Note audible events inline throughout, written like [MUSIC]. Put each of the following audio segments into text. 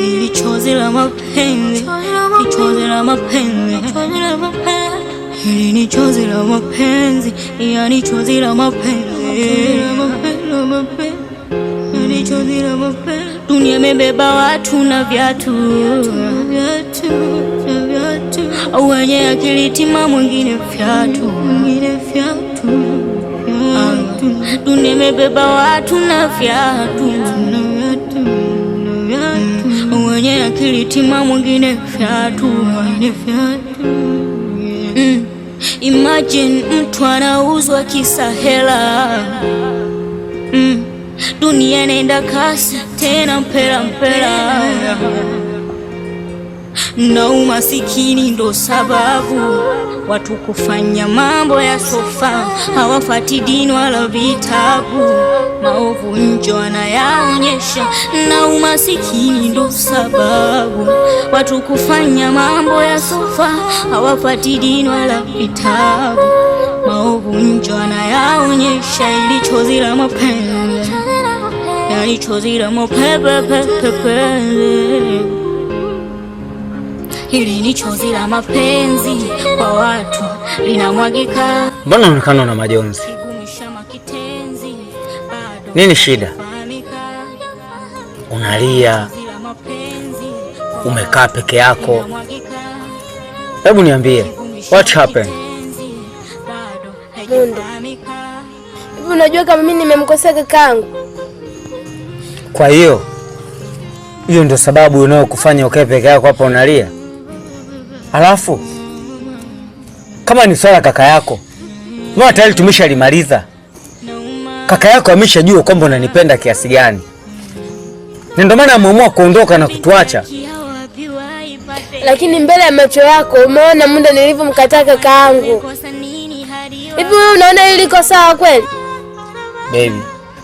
Ili chozi la mapenzi, ili chozi la mapenzi, ili ni chozi la mapenzi, yani chozi la mapenzi. Dunia imebeba watu na viatu wenye akili timamu, mwingine fyatu viatu, dunia imebeba watu na viatu, wenye akili timamu mwingine viatu, wenye viatu. Mm. Imagine mtu anauzwa kisa hela. Mm. Dunia inaenda kasi tena mpela mpela na umasikini ndo sababu watu kufanya mambo ya sofa, hawafati dini wala vitabu, maovu nje wanayaonyesha, na umasikini ndo sababu watu kufanya mambo ya sofa, hawafati dini wala vitabu, maovu nje wanayaonyesha, ili chozi la mapenzi, yani chozi la mapenzi Hili ni chozi la mapenzi kwa watu linamwagika. Mbona unaonekana na majonzi? Nini shida? Unalia, umekaa peke yako. Hebu niambie, what happened? Mundo, hivi unajua kama mimi nimemkosea kakaangu? Kwa hiyo hiyo ndio sababu unayokufanya ukae peke yako hapa unalia? Alafu kama ni swala kaka yako, mbona tayari tumeshalimaliza. Kaka yako ameshajua kwamba unanipenda kiasi gani, na ndio maana ameamua kuondoka na kutuacha. Lakini mbele ya macho yako umeona muda nilivyomkataa kaka yangu. Hivi wewe unaona hili liko sawa kweli? Baby,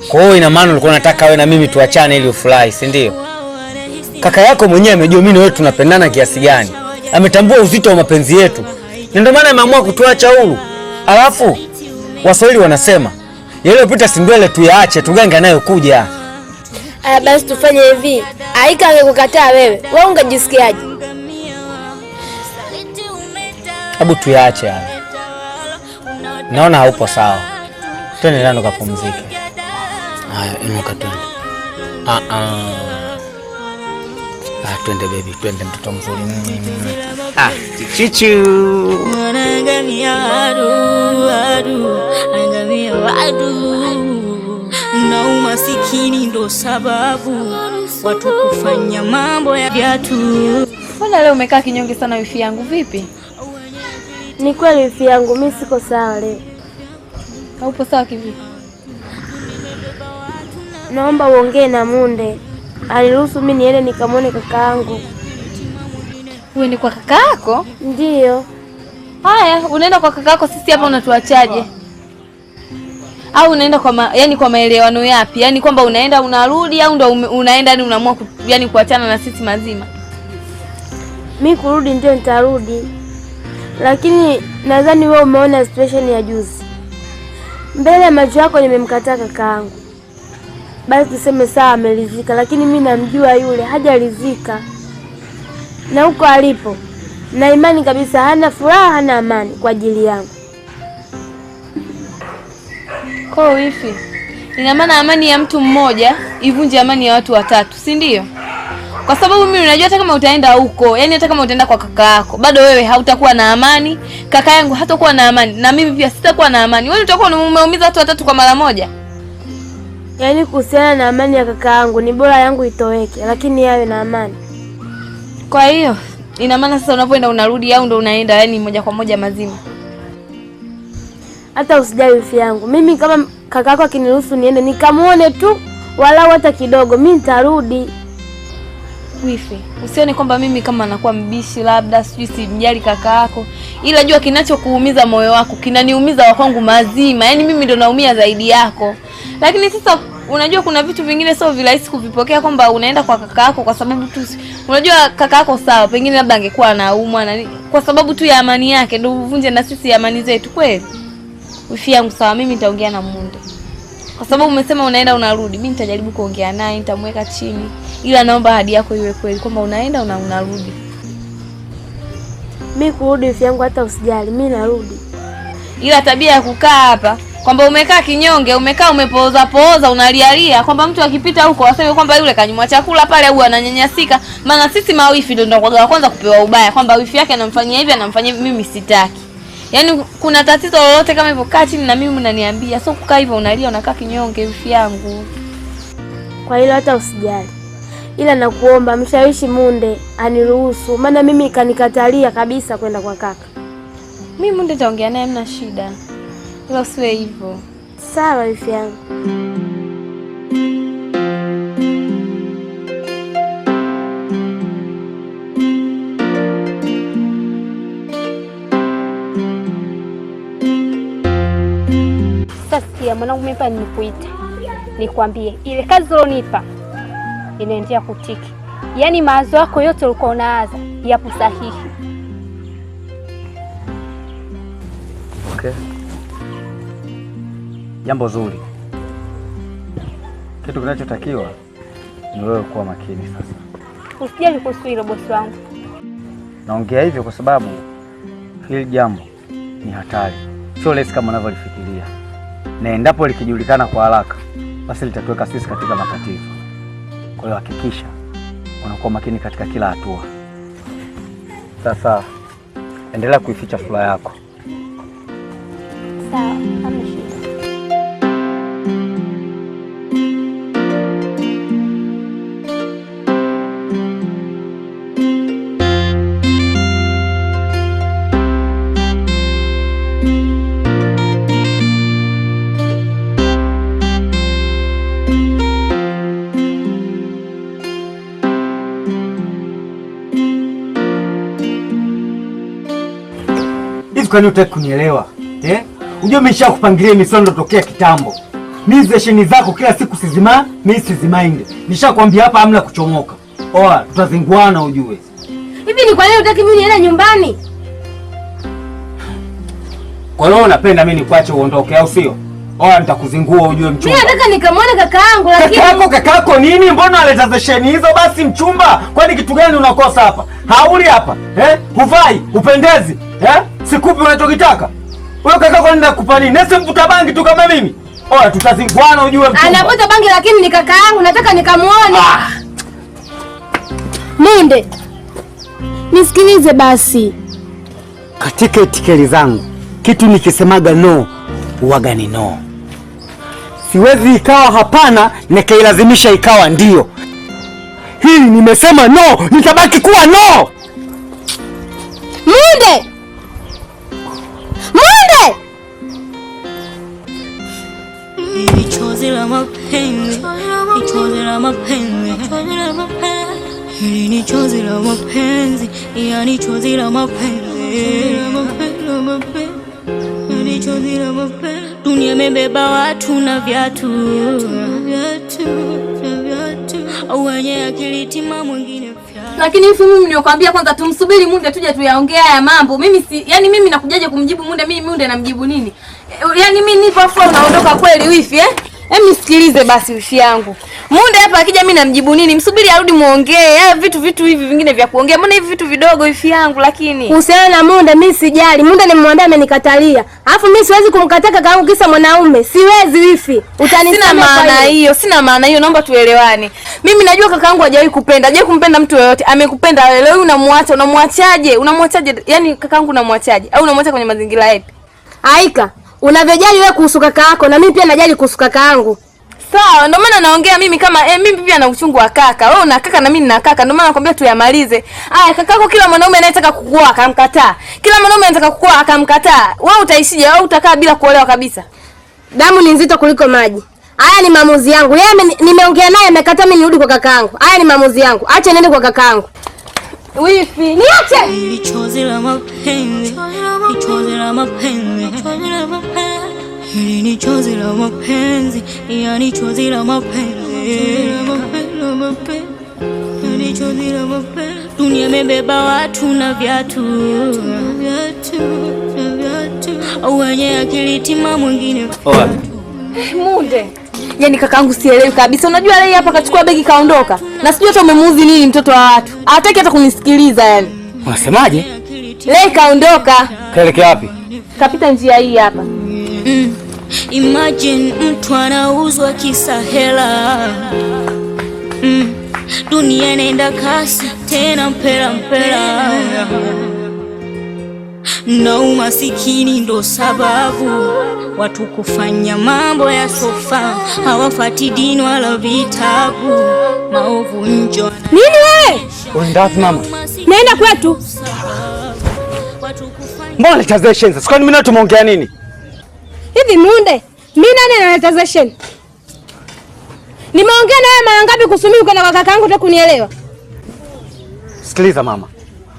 kwa hiyo ina maana ulikuwa unataka wewe na mimi tuachane ili ufurahi, si ndio? Kaka yako mwenyewe amejua mimi na wewe tunapendana kiasi gani ametambua uzito wa mapenzi yetu, na ndio maana ameamua kutuacha huru. Alafu Waswahili wanasema yaliyopita si ndwele, tuyaache tugange anayokuja. Aya, basi tufanye hivi. Aika angekukataa wewe, wewe ungejisikiaje? Hebu tuyaache haya, naona haupo sawa. Twende ndani ukapumzike. Haya, inuka twende. Ah, ah. Ah, twende baby, twende mtoto mzuri. Mm. Ah, chichu. Anangamia adu, adu, anangamia wadu. Na umasikini ndo sababu watu kufanya mambo ya viatu. Mbona leo umekaa kinyonge sana wifi yangu vipi? Ni kweli wifi yangu mimi siko sawa leo. Haupo sawa kivipi? Naomba uongee na Munde aliruhusu mimi niende nikamwone kakaangu. Uende kwa kakaako? ndio Haya, unaenda kwa kakaako, sisi hapa unatuachaje? Au unaenda kwa ma, yani kwa maelewano yapi? Yaani kwamba unaenda unarudi, au ndo unaenda yani unaamua yani kuachana na sisi mazima? Mi kurudi ndio nitarudi, lakini nadhani wewe umeona situation ya juzi mbele ya macho yako, nimemkataa kakaangu basi tuseme sawa, amelizika. lakini mi namjua yule hajalizika, na huko alipo, na imani kabisa hana furaha, hana amani kwa ajili yangu. Kwa wifi, ina maana amani ya mtu mmoja ivunje amani ya watu watatu, si ndio? Kwa sababu mimi unajua, hata kama utaenda huko, yani hata kama utaenda kwa kaka yako, bado wewe hautakuwa na amani, kaka yangu hatakuwa na amani, na mimi pia sitakuwa na amani. Wewe utakuwa umeumiza watu watatu kwa mara moja. Yaani kuhusiana na amani ya kaka yangu ni bora yangu itoweke, lakini yawe na amani. Kwa hiyo ina maana sasa unapoenda unarudi au ndo unaenda yaani moja kwa moja mazima? Hata usijali wifi yangu, mimi kama kaka yako akiniruhusu niende nikamwone tu walau hata kidogo, mi nitarudi. Wifi, usione kwamba mimi kama nakuwa mbishi labda sijui simjali kaka yako, ila jua kinachokuumiza moyo wako kinaniumiza wa kwangu mazima. Yaani mimi ndo naumia zaidi yako, lakini sasa unajua kuna vitu vingine sio virahisi kuvipokea kwamba unaenda kwa kaka yako kwa sababu tu unajua kaka yako sawa, pengine labda angekuwa anaumwa na kwa sababu tu ya amani yake ndio uvunje na sisi amani zetu. Kweli wifi yangu sawa, mimi nitaongea na Munde kwa sababu umesema unaenda unarudi. Mimi nitajaribu kuongea naye, nitamweka chini, ila naomba ahadi yako iwe kweli kwamba unaenda una unarudi. Mimi kurudi wifi yangu, hata usijali, mimi narudi, ila tabia ya kukaa hapa kwamba umekaa kinyonge, umekaa umepooza pooza, unalialia kwamba mtu akipita huko aseme kwamba yule kanyimwa chakula pale au ananyanyasika. Maana sisi mawifi ndio ndokwaga wa kwanza kupewa ubaya, kwamba wifi yake anamfanyia hivi anamfanyia hivi. Mimi sitaki, yaani kuna tatizo lolote kama hivyo, kaa chini na mimi mnaniambia, sio kukaa hivyo unalia, unakaa kinyonge, wifi yangu. Kwa hilo hata usijali, ila nakuomba mshawishi Munde aniruhusu, maana mimi kanikatalia kabisa kwenda kwa kaka. Mimi Munde taongea naye, mna shida ila usiwe hivyo sawa, wifi yangu. Sasa mwanangu, mimi hapa nimekuita nikwambie, ile kazi ulionipa inaendelea kutiki, yaani mawazo yako yote ulikuwa unawaza yapo sahihi. Okay jambo zuri. Kitu kinachotakiwa ni wewe kuwa makini. Sasa usijali kuhusu hilo bosi wangu. Naongea hivyo kwa sababu hili jambo ni hatari, sio lesi kama unavyolifikiria, na endapo likijulikana kwa haraka, basi litatuweka sisi katika matatizo. Kwa hiyo hakikisha unakuwa makini katika kila hatua. Sasa endelea kuificha sura yako. Sawa. kwani utaki kunielewa eh? Unajua mesha kupangilia misondo tokea kitambo. Mimi zesheni zako kila siku sizima, mimi sizimainde. Nishakwambia hapa amla kuchomoka. Oa, tutazinguana ujue. Hivi ni kwa nini utaki mimi niende nyumbani? Kwa hiyo unapenda mimi nikuache uondoke au sio? Oa, nitakuzingua ujue mchumba. Mimi nataka nikamwone kakaangu lakini kakaako kakaako nini? Mbona unaleta zesheni hizo basi mchumba? Kwani kitu gani unakosa hapa? Hauli hapa, eh? Huvai, upendezi, eh? sikupi unachokitaka wewe kaka, kwa nenda kukupa nini? Nasi mvuta bangi tu kama mimi. Oya, tutazingwana ujue mtu. Anavuta bangi lakini ni kaka yangu, nataka nikamuone. Ah. Nende. Nisikilize basi. Katika itikeli zangu kitu nikisemaga no uwaga ni no, siwezi ikawa hapana nikailazimisha ikawa ndio. hii nimesema no, nitabaki kuwa no. Munde chozi la mapenzi, chozi la mapenzi, hili ni chozi la mapenzi, chozi la mapenzi. Dunia imebeba watu na viatu, wenye akili timamu lakini hivi mimi niokwambia kwanza tumsubiri Munde tuje tuyaongea haya mambo. Mimi si, yani mimi nakujaje kumjibu Munde? Mimi Munde namjibu nini? Yaani mimi nipo afa unaondoka kweli wifi eh? Hebu nisikilize basi wifi yangu. Munde hapa akija mimi namjibu nini? Msubiri arudi muongee. Haya vitu vitu hivi vingine vya kuongea. Mbona hivi vitu vidogo wifi yangu lakini? Kuhusiana na Munde mimi sijali. Munde nimemwambia amenikatalia. Alafu mimi siwezi kumkataa kaka yangu kisa mwanaume. Siwezi wifi. Utanisema sina maana hiyo. Sina maana hiyo. Naomba tuelewane. Mimi najua kaka yangu hajawahi kupenda. Hajawahi kumpenda mtu yoyote. Amekupenda wewe. Leo unamwacha, unamwachaje? Unamwachaje? Yaani kaka yangu unamwachaje? Au unamwacha kwenye mazingira yapi? Aika, unavyojali wewe kuhusu kaka yako na mimi pia najali kuhusu kaka yangu. Sawa, ndio maana naongea mimi kama eh, mimi pia na uchungu wa kaka. Wewe una kaka na mimi nina kaka. Ndio maana nakwambia tuyamalize. kaka yako kila mwanaume anayetaka kukuoa akamkataa. Kila mwanaume anataka kukuoa akamkataa. Wewe utaishije? Wewe utakaa bila kuolewa kabisa. Damu ni nzito kuliko maji. Haya ni maamuzi yangu. Yeye nimeongea naye amekataa mimi nirudi kwa kaka yangu. Haya ni maamuzi yangu. Acha niende kwa kaka yangu. Wifi, niache. Chozi la mapenzi ni chozi la mapenzi, hili ni chozi la mapenzi, yani chozi la mapenzi. Dunia imebeba watu na viatu, wenye akili timamu mwingine eh, munde Yani kakaangu sielewi kabisa. Unajua leo hapa kachukua begi kaondoka, na sijui hata umemuudhi nini mtoto wa watu, hataki hata kunisikiliza yani. Unasemaje? Leo kaondoka. Kaelekea wapi? Kapita njia hii hapa. Mm. Imagine mtu anauzwa kisa hela. Mm. Dunia inaenda kasi tena mpela mpela. Na umasikini ndo sababu watu kufanya mambo ya sofa, hawafati dini wala vitabu, maovu njo nini. Wewe unaenda mama? Naenda kwetu. Mbona retaliation sasa? Kwani mimi na tumeongea nini? Hivi Mlunde, mimi nani na retaliation? Nimeongea na wewe mara ngapi kuhusu mimi kwenda kwa kakaangu tu kunielewa? Sikiliza mama.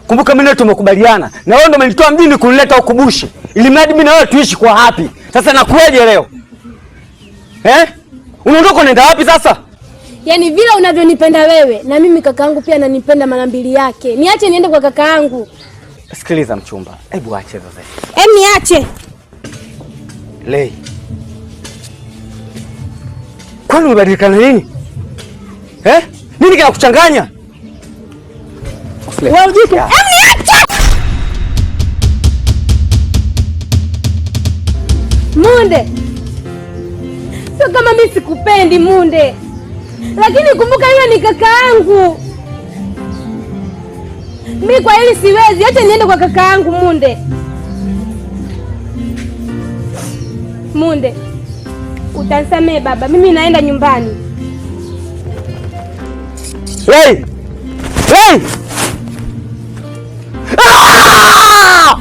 Kumbuka mimi na tumekubaliana na wewe ndio umenitoa mjini kunileta Bushi. Ili mradi mimi na wewe tuishi kwa hapi. Sasa nakuaje leo? Eh? Unaondoka unaenda wapi sasa? Yaani vile unavyonipenda wewe na mimi kakaangu pia ananipenda mara mbili yake. Niache niende kwa kakaangu. Sikiliza mchumba, hebu ache sasa. Emi niache. Lei. Kwani umebadilika na nini? Eh? Nini kina Wewe Munde. Sio kama mimi sikupendi Munde. Lakini kumbuka yule ni kaka yangu. Mi kwa hili siwezi, acha niende kwa kaka yangu Munde. Munde, utansamee baba, mimi naenda nyumbani. Hey! Hey! Ah!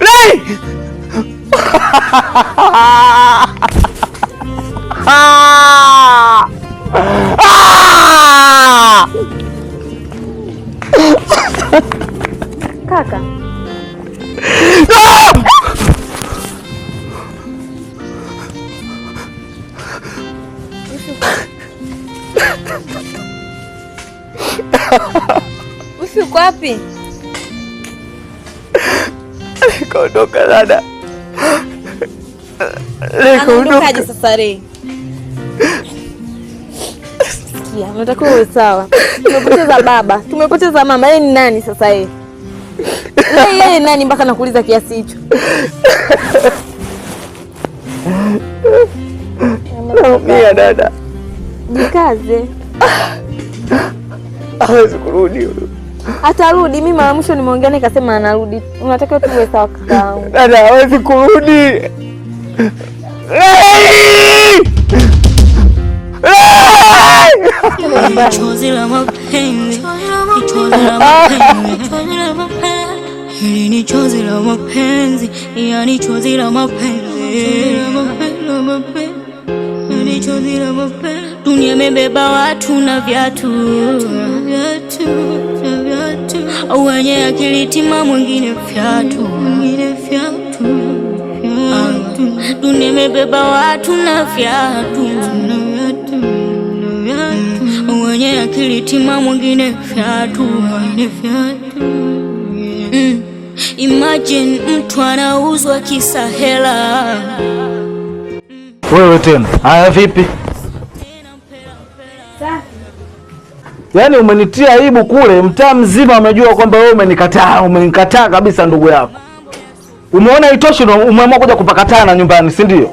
Hey! [LAUGHS] No! Ah! Ufi uko wapi? Nikaondoka dada. Nikaondokaje sasa leo? Sikia, unatakiwa uwe sawa. Tumepoteza baba, tumepoteza mama. Yeye ni nani sasa yeye? yeye nani mpaka nakuuliza kiasi hicho? Naumia dada, jikaze. Hawezi kurudi huyu. Atarudi. Mimi mara mwisho nimeongea nikasema anarudi. Unatakiwa tuwe sawa kakaangu. Dada hawezi kurudi. Hili ni chozi la mapenzi, yani chozi la mapenzi. Dunia imebeba watu na viatu, wenye akili timamu wengine fyatu. Dunia imebeba watu na viatu, wenye akili timamu wengine fyatu Imagine mtu anauzwa kisa hela. Wewe tena haya, vipi? Yaani umenitia aibu kule, mtaa mzima umejua kwamba wewe umenikataa, umenikataa kabisa ndugu yako. Umeona itoshi, umeamua kuja kupakataa na nyumbani, si ndio?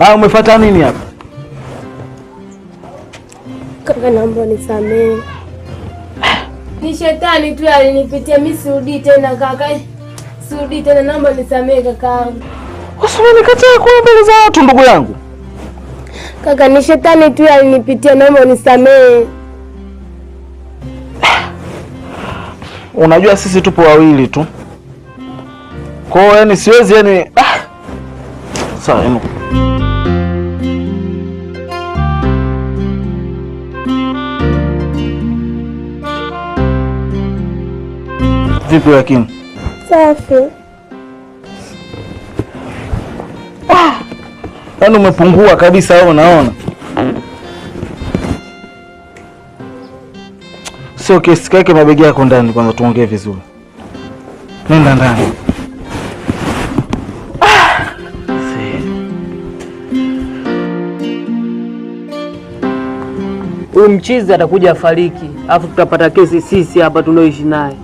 Ah, umefuata nini hapa? Kaka, naomba nisamehe. Ni shetani tu alinipitia mimi, sirudi tena kaka, sirudi tena, naomba nisamehe Usiwe nikataa kwa mbele za watu ndugu yangu. Kaka, ni shetani tu alinipitia, naomba nisamehe. Unajua sisi tupo wawili tu, kwa hiyo yani siwezi yani ah. Sawa. Vipi Hakimu? Safi. Yaani umepungua kabisa wewe unaona? Sio kesi kake mabegi yako ndani kwanza tuongee vizuri. Nenda ndani. Huyu mchizi atakuja afariki, alafu tutapata kesi sisi hapa tulioishi naye.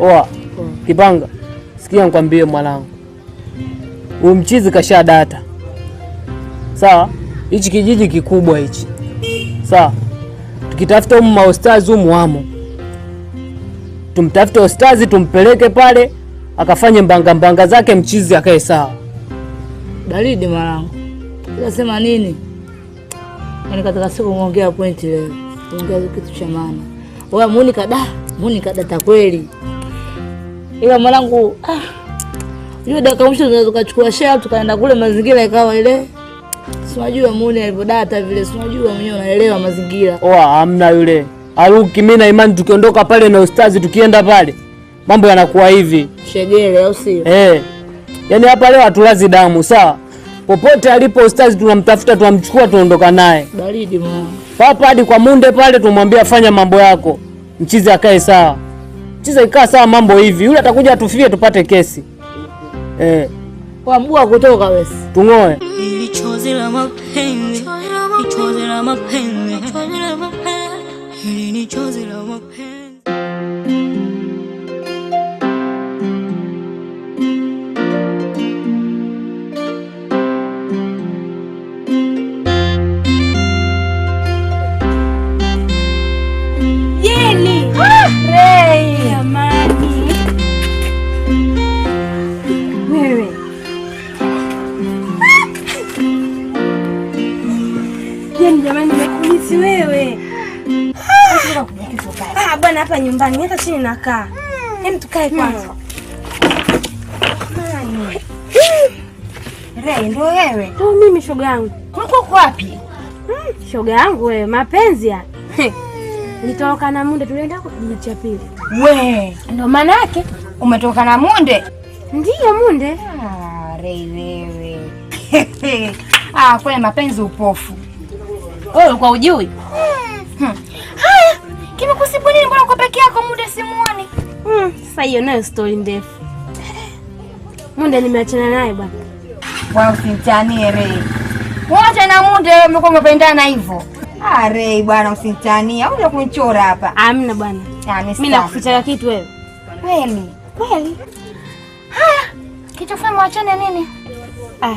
Oa Kipanga, sikia nkwambie mwanangu, huyu mchizi kasha data sawa. Hichi kijiji kikubwa hichi sawa, tukitafuta umu maostazi humu wamo, tumtafute ostazi tumpeleke pale akafanye mbangambanga zake, mchizi akae sawa. Baridi mwanangu, unasema nini? Nikataka siku mwongea pointi leo, ongea kitu cha maana. Wewe munikada munikadata kweli ila mwanangu, ah, dakika mwisho tunaweza tukachukua share tukaenda kule, mazingira ikawa ile Sinajua muone alivyodata vile, sinajua mwenyewe unaelewa mazingira. Oa oh, hamna yule. Aruki mimi na imani tukiondoka pale na ustazi tukienda pale. Mambo yanakuwa hivi. Shegele au sio? Eh. yani hapa leo hatulazi damu, sawa? Popote alipo ustazi tunamtafuta, tunamchukua, tuondoka naye. Baridi mwana. Papa hadi kwa munde pale tumwambia fanya mambo yako. Mchizi akae sawa. Sasa ikaa sawa mambo hivi, yule atakuja atufie tupate kesi eh. Kwa mbua kutoka wewe. Tung'oe. la mapenzi. la mapenzi. la mapenzi. Jamani, hata chini nakaa. Hem, tukae hmm. kwanza. Hmm. Rei, ndio wewe? Tu oh, mimi shoga yangu. Mko wapi? Hmm. Shoga yangu wewe, mapenzi ya. Nitoka na munde tulienda kujicha pili. We, ndio maana yake umetoka na munde? Ndiyo munde. Ah, Rei wewe. [LAUGHS] Ah, kwa mapenzi upofu. Wewe kwa ujui? nimekusibu nini? Mbona uko peke yako Munde? Simuoni mm. Sasa hiyo nayo story ndefu Munde nimeachana naye bwana. Bwana usimtanie eh, Rei. Wote na Munde wewe umekuwa umependana hivyo. Ah, Rei bwana usimtanie. Au ndio kunichora hapa. Amna bwana. Ah, mimi nakufichaga kitu wewe. Kweli. Kweli. Haya. Ah! Kitu fulani mwachane nini? Ah.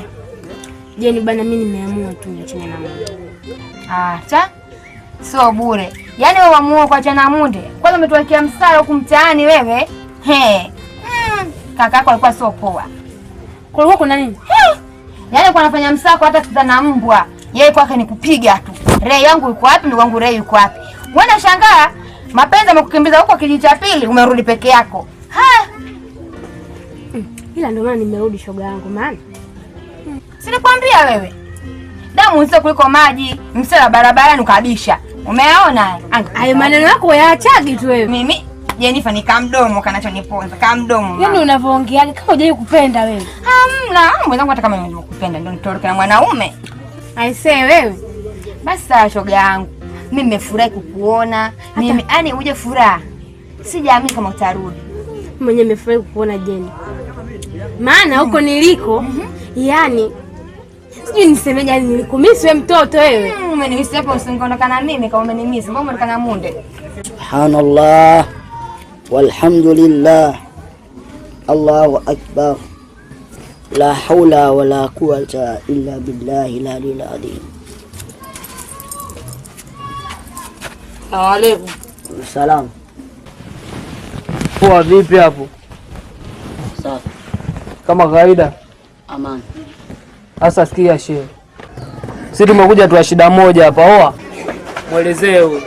Jeni bwana mimi nimeamua tu niachane na Munde. Ah, cha sio bure. Yaani wewe wamuoe kuachana munde, kwanza umetuwekea msara huku mtaani wewe. He. Mm. Kakako alikuwa sio poa. Kulikuwa kuna nini? Yaani kwa anafanya msako hata tuta na mbwa. Yeye kwake ni kupiga tu. Rei yangu yuko wapi? Ndugu wangu Rei yuko wapi? Wana shangaa mapenzi amekukimbiza huko kijiji cha pili, umerudi peke yako. Ha. Hmm. Ila ndio maana nimerudi shoga yangu maana. Hmm. Sinikwambia wewe. Damu nzito kuliko maji, msela barabarani ukabisha. Umeona? Hayo maneno yako yaachagi tu wewe. Mimi Jenifa yaani ni kama mdomo kanachoniponza, kama mdomo. Yaani unavyoongea kama hujai kupenda wewe. Hamna, mwenzangu hata kama nimekupenda ndio nitoroke na mwanaume. Aisee wewe. Basi sawa shoga yangu. Mimi nimefurahi kukuona. Mimi yani uje furaha. Sijaamini kama utarudi. Mwenye nimefurahi kukuona Jeni. Maana huko niliko, mm -hmm. yani sijui nisemeje, yani nilikumisi wewe mtoto wewe. Mm, umenimisi hapo usingondoka na mimi kama umenimisi. Mbona umendoka na munde? Subhanallah. Walhamdulillah. Allahu akbar. La haula wala quwwata illa billahi la alil adhim. Waalaikum salam. Poa, vipi hapo? Safi. Kama kawaida. Amani. Sasa sikia shehe, sisi tumekuja tuwa shida moja hapa. Oa mwelezee huyo.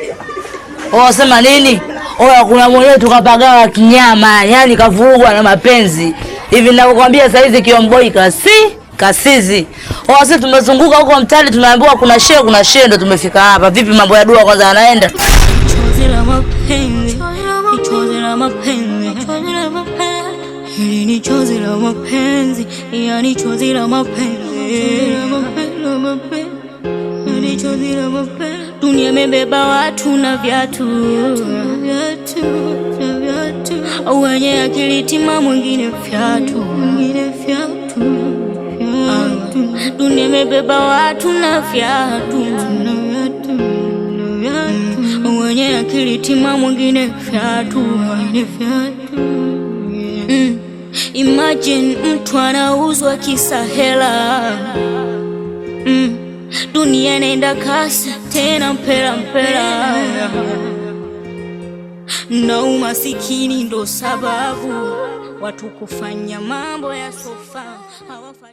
Oa sema nini? oya kuna mwenyewe tukapagawa kinyama, yani kavurugwa na mapenzi hivi navyokwambia saizi, Kiomboy kasi kasizi. Oa sisi tumezunguka huko mtaani, tunaambiwa kuna shehe, kuna shehe, ndo tumefika hapa. Vipi mambo ya dua kwanza yanaenda? Ni chozi la mapenzi, yani chozi la mapenzi Dunia imebeba watu na viatu, wenye akili timamu mwingine fyatu. Dunia imebeba watu na viatu, wenye akili timamu Mwingine fyatu. Imagine mtu anauzwa kisa hela mm. Dunia inaenda kasi tena mpela mpela, na umasikini ndo sababu watu kufanya mambo ya sofa.